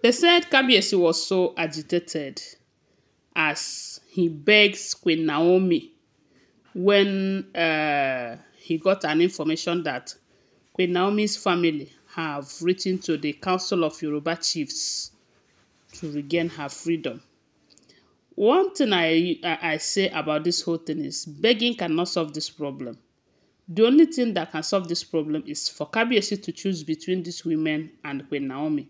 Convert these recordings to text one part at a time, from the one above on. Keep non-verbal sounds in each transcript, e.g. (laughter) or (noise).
They said Kabiesi was so agitated as he begs Queen Naomi when uh, he got an information that Queen Naomi's family have written to the Council of Yoruba Chiefs to regain her freedom. One thing I, I say about this whole thing is begging cannot solve this problem. The only thing that can solve this problem is for Kabiesi to choose between these women and Queen Naomi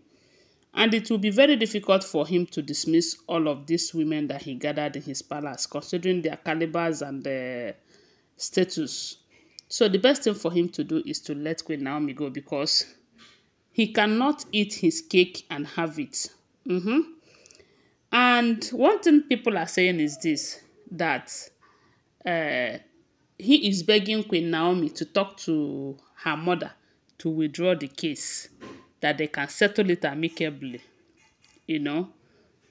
and it will be very difficult for him to dismiss all of these women that he gathered in his palace, considering their calibers and their status. So the best thing for him to do is to let Queen Naomi go because he cannot eat his cake and have it. Mm -hmm. And one thing people are saying is this, that uh, he is begging Queen Naomi to talk to her mother to withdraw the case that they can settle it amicably, you know.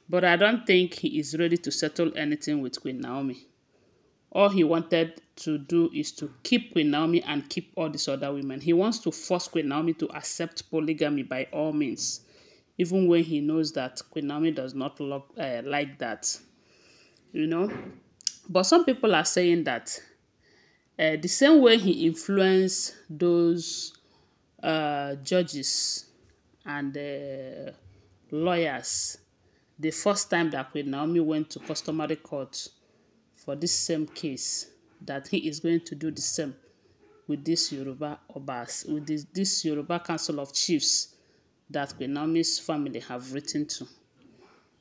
But I don't think he is ready to settle anything with Queen Naomi. All he wanted to do is to keep Queen Naomi and keep all these other women. He wants to force Queen Naomi to accept polygamy by all means, even when he knows that Queen Naomi does not look, uh, eh, like that, you know. But some people are saying that uh, the same way he influenced those uh, judges and uh, lawyers the first time that Queen Naomi went to customary court for this same case that he is going to do the same with this Yoruba Obas, with this, this Yoruba Council of Chiefs that Queen Naomi's family have written to.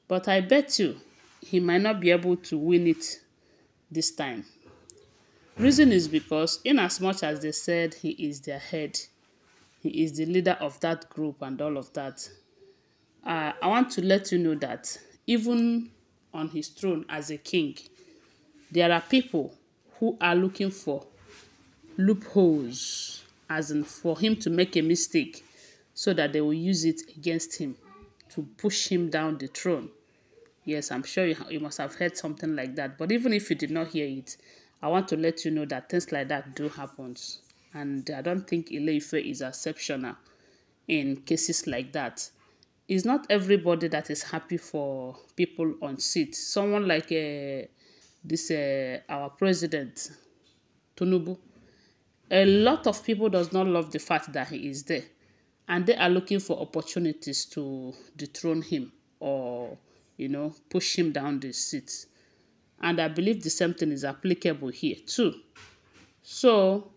But I bet you he might not be able to win it this time. Reason is because in as much as they said he is their head, he is the leader of that group and all of that. Uh, I want to let you know that even on his throne as a king, there are people who are looking for loopholes, as in for him to make a mistake so that they will use it against him to push him down the throne. Yes, I'm sure you, you must have heard something like that. But even if you did not hear it, I want to let you know that things like that do happen and I don't think Ileife is exceptional in cases like that. It's not everybody that is happy for people on seat. Someone like uh, this, uh, our president, Tunubu, a lot of people does not love the fact that he is there. And they are looking for opportunities to dethrone him or, you know, push him down the seat. And I believe the same thing is applicable here too. So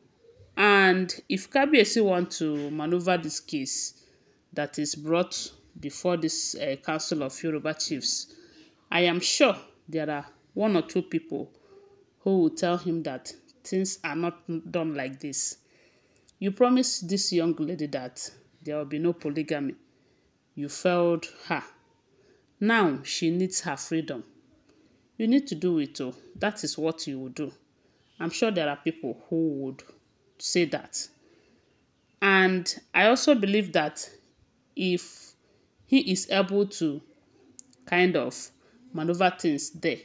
and if KBSC want to maneuver this case that is brought before this uh, Council of Yoruba Chiefs, I am sure there are one or two people who will tell him that things are not done like this. You promised this young lady that there will be no polygamy. You failed her. Now she needs her freedom. You need to do it too. Oh. That is what you will do. I'm sure there are people who would say that. And I also believe that if he is able to kind of maneuver things there,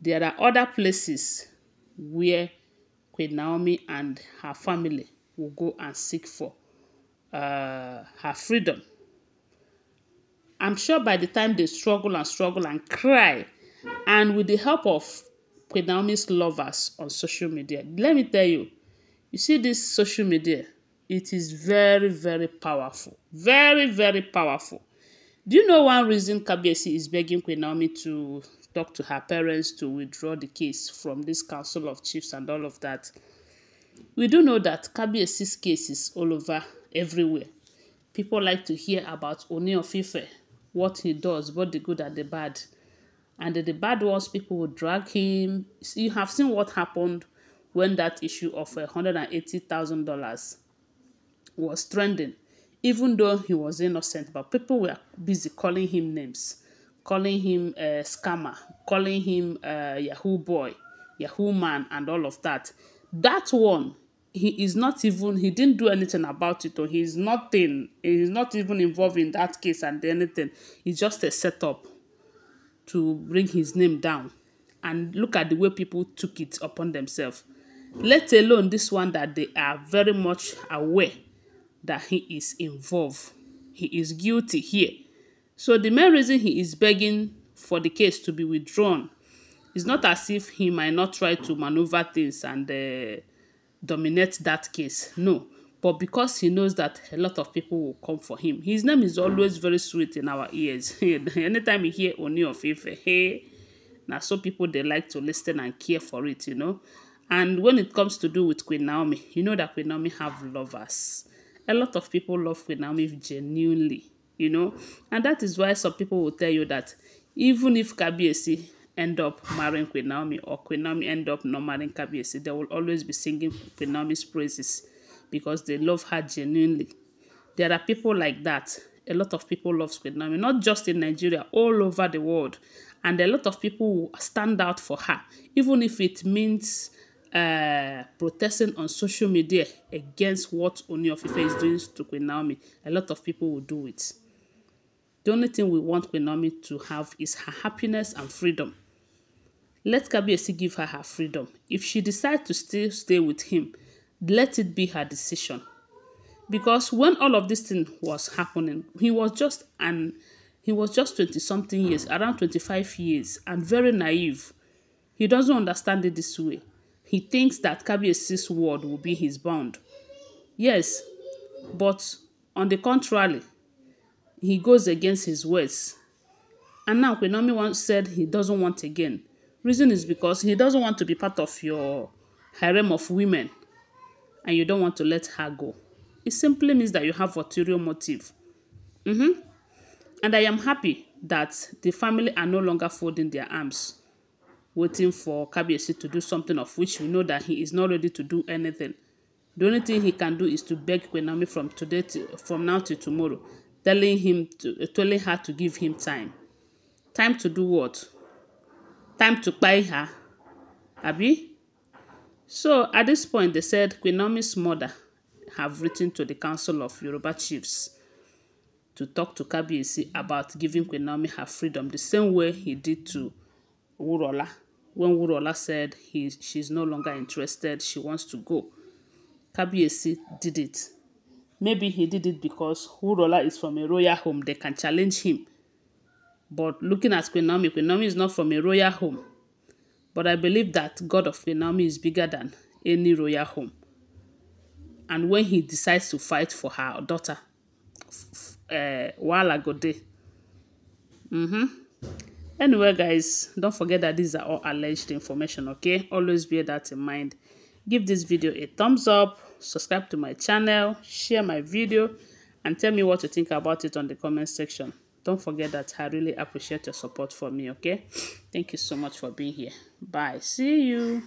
there are other places where Queen Naomi and her family will go and seek for uh, her freedom. I'm sure by the time they struggle and struggle and cry, and with the help of Queen Naomi's lovers on social media, let me tell you, You see this social media? It is very, very powerful. Very, very powerful. Do you know one reason Kabiesi is begging Queen Naomi to talk to her parents to withdraw the case from this council of chiefs and all of that? We do know that Kabiesi's case is all over everywhere. People like to hear about Oni of what he does, both the good and the bad. And the, the bad ones, people will drag him. You have seen what happened when that issue of $180,000 uh, was trending, even though he was innocent, but people were busy calling him names, calling him a uh, scammer, calling him a uh, Yahoo boy, Yahoo man, and all of that. That one, he is not even, he didn't do anything about it, or he's nothing, he's not even involved in that case and anything. It's just a setup to bring his name down. And look at the way people took it upon themselves let alone this one that they are very much aware that he is involved. He is guilty here. So the main reason he is begging for the case to be withdrawn is not as if he might not try to maneuver things and uh, dominate that case. No. But because he knows that a lot of people will come for him. His name is always very sweet in our ears. (laughs) Anytime you hear Oni of Ife, hey, now so people they like to listen and care for it, you know. And when it comes to do with Queen Naomi, you know that Queen Naomi have lovers. A lot of people love Queen Naomi genuinely, you know. And that is why some people will tell you that even if Kabiesi end up marrying Queen Naomi or Queen Naomi end up not marrying Kabiesi, they will always be singing Queen Naomi's praises because they love her genuinely. There are people like that. A lot of people love Queen Naomi, not just in Nigeria, all over the world. And a lot of people stand out for her, even if it means uh, protesting on social media against what Oni is doing to Queen Naomi, a lot of people will do it. The only thing we want Queen Naomi to have is her happiness and freedom. Let Kabiesi give her her freedom. If she decides to still stay with him, let it be her decision. Because when all of this thing was happening, he was just an he was just 20 something years, around 25 years, and very naive. He doesn't understand it this way. He thinks that Kabiesi's word will be his bond. Yes, but on the contrary, he goes against his words. And now Kwenomi once said he doesn't want again. Reason is because he doesn't want to be part of your harem of women and you don't want to let her go. It simply means that you have ulterior motive. Mm -hmm. And I am happy that the family are no longer folding their arms waiting for Kabiesi to do something of which we know that he is not ready to do anything. The only thing he can do is to beg Kwenami from today to, from now to tomorrow, telling him to, uh, telling her to give him time. Time to do what? Time to buy her. Abi? So at this point they said Kwenomi's mother have written to the Council of Yoruba Chiefs to talk to Kabiesi about giving Kwenami her freedom the same way he did to Urola when Wurola said he, she's no longer interested, she wants to go. Kabiesi did it. Maybe he did it because Wurola is from a royal home. They can challenge him. But looking at Queen Naomi, Queen Naomi is not from a royal home. But I believe that God of Queen Naomi is bigger than any royal home. And when he decides to fight for her daughter, uh, eh, Wala Gode, mm-hmm. Anyway, guys, don't forget that these are all alleged information, okay? Always bear that in mind. Give this video a thumbs up, subscribe to my channel, share my video, and tell me what you think about it on the comment section. Don't forget that I really appreciate your support for me, okay? Thank you so much for being here. Bye. See you.